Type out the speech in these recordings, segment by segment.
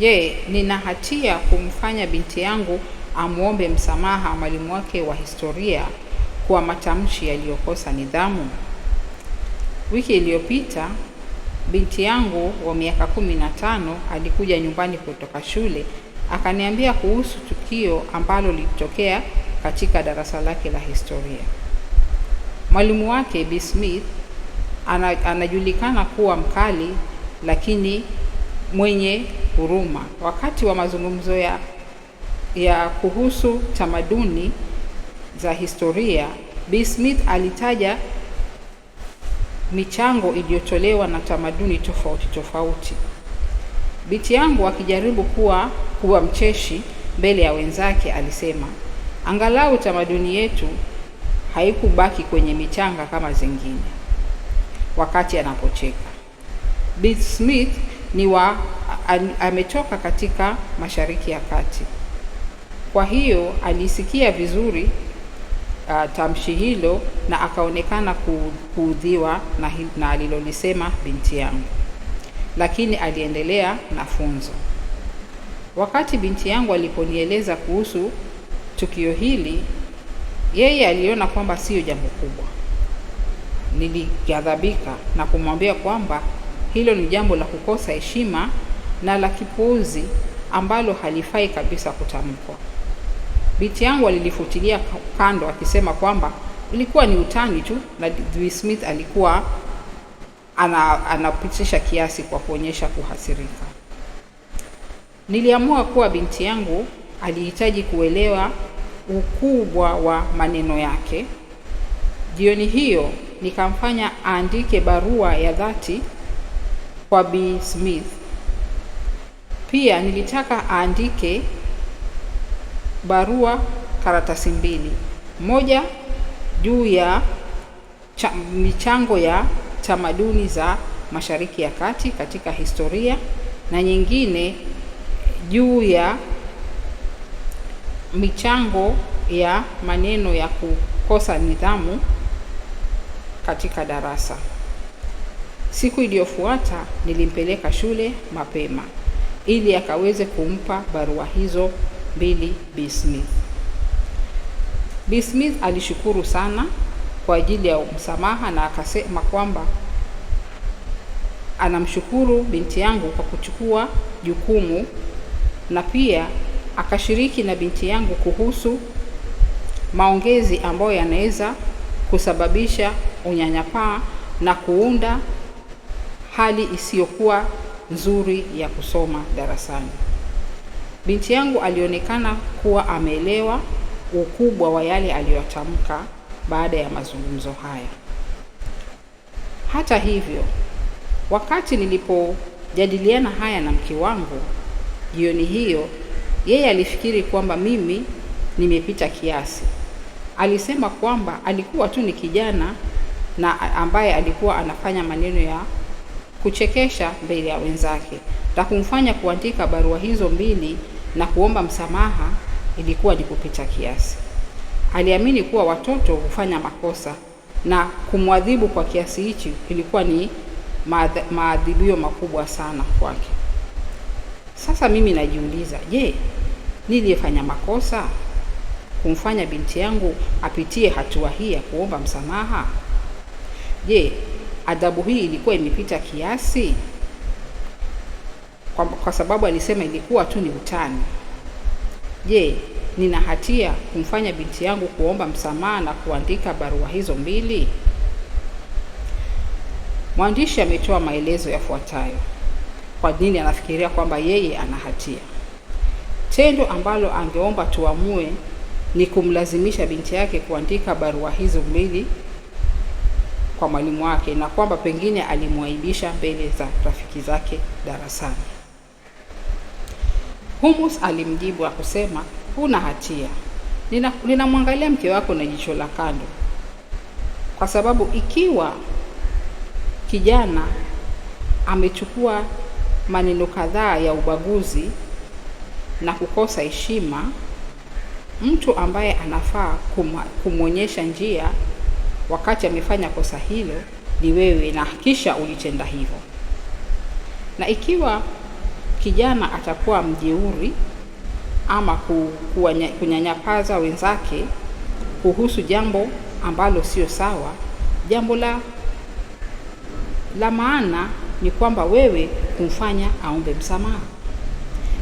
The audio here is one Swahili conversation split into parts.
Je, nina hatia kumfanya binti yangu amwombe msamaha mwalimu wake wa historia kwa matamshi yaliyokosa nidhamu? Wiki iliyopita binti yangu wa miaka kumi na tano alikuja nyumbani kutoka shule akaniambia kuhusu tukio ambalo lilitokea katika darasa lake la historia. Mwalimu wake B. Smith anajulikana kuwa mkali lakini mwenye huruma. Wakati wa mazungumzo ya, ya kuhusu tamaduni za historia, B. Smith alitaja michango iliyotolewa na tamaduni tofauti tofauti. Binti yangu akijaribu kuwa, kuwa mcheshi mbele ya wenzake alisema, angalau tamaduni yetu haikubaki kwenye michanga kama zingine. Wakati anapocheka, Bill Smith ni wa ametoka katika Mashariki ya Kati. Kwa hiyo alisikia vizuri uh, tamshi hilo na akaonekana kuudhiwa na, na alilolisema binti yangu, lakini aliendelea na funzo. Wakati binti yangu aliponieleza kuhusu tukio hili, yeye aliona kwamba siyo jambo kubwa. Nilighadhabika na kumwambia kwamba hilo ni jambo la kukosa heshima na la kipuuzi ambalo halifai kabisa kutamkwa. Binti yangu alilifutilia kando akisema kwamba ilikuwa ni utani tu na Dwi Smith alikuwa ana, anapitisha kiasi kwa kuonyesha kuhasirika. Niliamua kuwa binti yangu alihitaji kuelewa ukubwa wa maneno yake. Jioni hiyo nikamfanya aandike barua ya dhati kwa Bi Smith pia nilitaka aandike barua karatasi mbili, moja juu ya cha, michango ya tamaduni za Mashariki ya Kati katika historia na nyingine juu ya michango ya maneno ya kukosa nidhamu katika darasa. Siku iliyofuata nilimpeleka shule mapema ili akaweze kumpa barua hizo mbili B. Smith. B. Smith alishukuru sana kwa ajili ya msamaha na akasema kwamba anamshukuru binti yangu kwa kuchukua jukumu na pia akashiriki na binti yangu kuhusu maongezi ambayo yanaweza kusababisha unyanyapaa na kuunda hali isiyokuwa nzuri ya kusoma darasani. Binti yangu alionekana kuwa ameelewa ukubwa wa yale aliyotamka baada ya mazungumzo haya. Hata hivyo, wakati nilipojadiliana haya na mke wangu jioni hiyo, yeye alifikiri kwamba mimi nimepita kiasi. Alisema kwamba alikuwa tu ni kijana na ambaye alikuwa anafanya maneno ya kuchekesha mbele ya wenzake, na kumfanya kuandika barua hizo mbili na kuomba msamaha ilikuwa ni kupita kiasi. Aliamini kuwa watoto hufanya makosa na kumwadhibu kwa kiasi hichi ilikuwa ni maadhibio makubwa sana kwake. Sasa mimi najiuliza, je, niliyefanya makosa kumfanya binti yangu apitie hatua hii ya kuomba msamaha? Je, adhabu hii ilikuwa imepita kiasi? Kwa, kwa sababu alisema ilikuwa tu ni utani. Je, nina hatia kumfanya binti yangu kuomba msamaha na kuandika barua hizo mbili? Mwandishi ametoa maelezo yafuatayo kwa nini anafikiria kwamba yeye ana hatia. Tendo ambalo angeomba tuamue ni kumlazimisha binti yake kuandika barua hizo mbili kwa mwalimu wake na kwamba pengine alimwaibisha mbele za rafiki zake darasani. Humus alimjibu akusema, huna hatia, ninamwangalia nina mke wako na jicho la kando, kwa sababu ikiwa kijana amechukua maneno kadhaa ya ubaguzi na kukosa heshima, mtu ambaye anafaa kumwonyesha njia wakati amefanya kosa hilo ni wewe, na kisha ulitenda hivyo. Na ikiwa kijana atakuwa mjeuri ama kunyanyapaza wenzake kuhusu jambo ambalo sio sawa, jambo la la maana ni kwamba wewe kumfanya aombe msamaha.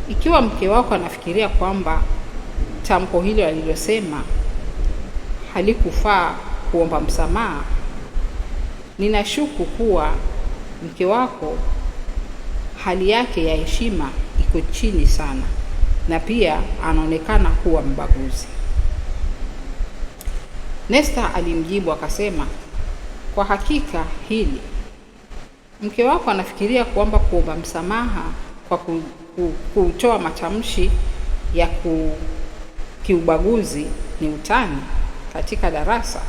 Ikiwa mke wako anafikiria kwamba tamko hilo alilosema halikufaa kuomba msamaha. Ninashuku kuwa mke wako hali yake ya heshima iko chini sana, na pia anaonekana kuwa mbaguzi. Nesta alimjibu akasema, kwa hakika hili mke wako anafikiria kuomba kuomba msamaha kwa kutoa matamshi ya ku kiubaguzi ni utani katika darasa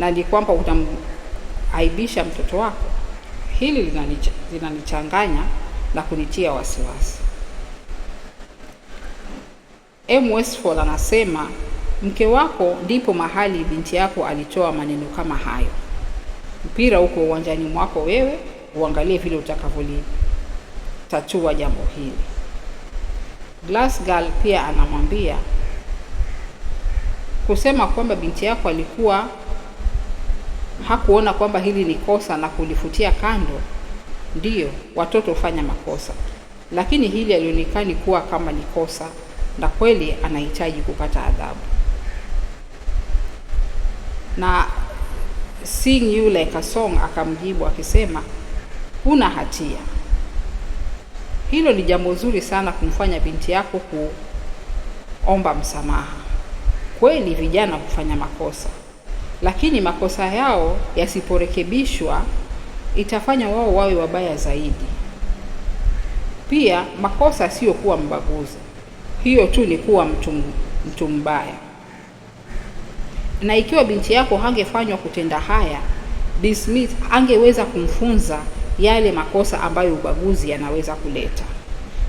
na ni kwamba utamaibisha mtoto wako. Hili linanichanganya na kunitia wasiwasi. M. Westfall anasema mke wako ndipo mahali binti yako alitoa maneno kama hayo. Mpira uko uwanjani mwako, wewe uangalie vile utakavyolitatua jambo hili. Glass Girl pia anamwambia kusema kwamba binti yako alikuwa hakuona kwamba hili ni kosa na kulifutia kando. Ndiyo, watoto hufanya makosa, lakini hili alionekani kuwa kama ni kosa na kweli anahitaji kupata adhabu. Na Sing You Like a Song akamjibu akisema, huna hatia. Hilo ni jambo zuri sana kumfanya binti yako kuomba msamaha. Kweli vijana hufanya makosa lakini makosa yao yasiporekebishwa itafanya wao wawe wabaya zaidi. Pia makosa sio kuwa mbaguzi, hiyo tu ni kuwa mtu, mtu mbaya. Na ikiwa binti yako hangefanywa kutenda haya, Bi Smith angeweza kumfunza yale makosa ambayo ubaguzi yanaweza kuleta,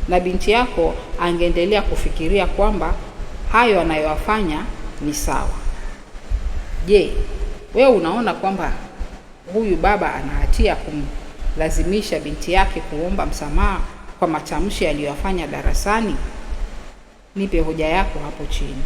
na binti yako angeendelea kufikiria kwamba hayo anayoyafanya ni sawa. Je, wewe unaona kwamba huyu baba ana hatia kumlazimisha binti yake kuomba msamaha kwa matamshi aliyoyafanya darasani? Nipe hoja yako hapo chini.